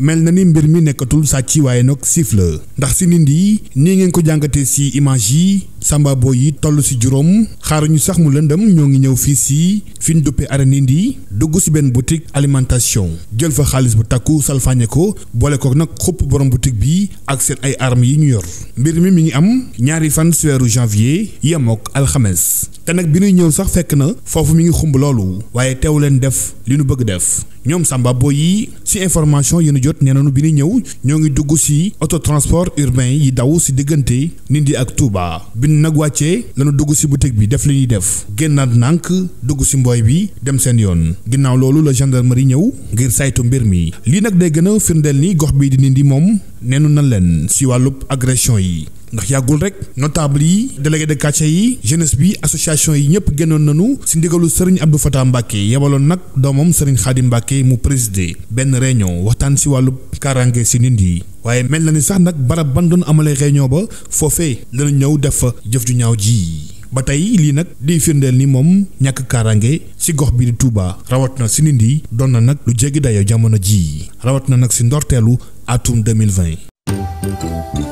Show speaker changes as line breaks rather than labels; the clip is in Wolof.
mel na ni mbir mi nekkatul sàcc waaye nag siif ndax si nit yi ngeen ko jàngatee ci image yi Samba Boy yi toll si juróom xaaruñu sax mu lëndëm ñoo ngi ñëw fii si fi ñu duppee ara nindi dugg si benn boutique alimentation jël fa xaalis bu takku salfaañe ko boole ko nag xupp borom boutique bi ak seen ay armes yi ñu yor mbir mi mi ngi am ñaari fan si weeru janvier yemook alxames te nag bi ñuy ñëw sax fekk na foofu mi ngi xumb loolu waaye teew leen def li ñu bëgg def ñoom Samba Boy yi si information yi ñu jot nee nañu bi ñuy ñëw ñoo ngi dugg si auto transport urbain yi daw si diggante nindi ak Touba. nag wàccee lañu dugg ci boutique bi def li ñuy def génnaat nànk dugg ci mbooy bi dem seen yoon ginnaaw loolu la gendarmerie ñëw ngir saytu mbir mi lii nag day gën a firndeel ni gox bii di Ndindy moom neenu na leen ci wàllu agression yi ndax yàggul rek notable yi délégué de quartier yi jeunesse bi association yi ñëpp génnoon nañu ci ndigalu Serigne Abdou Fatah Mbacke yebaloon nag doomam Serigne xaadi Mbacke mu présider benn réunion waxtaan ci wàllub kaaraange ci Ndindy waaye mel na ni sax nag barab ban doon amalee réunion ba foofee lanu ñëw def fa jëf ju ñaaw ji ba tey lii nag di firndeel ni moom ñàkk kaaraange ci gox bi di Touba rawat na ci Ndindy doon na nag lu jéggi dayo jamono ji rawat na nag ci ndorteelu atum
2020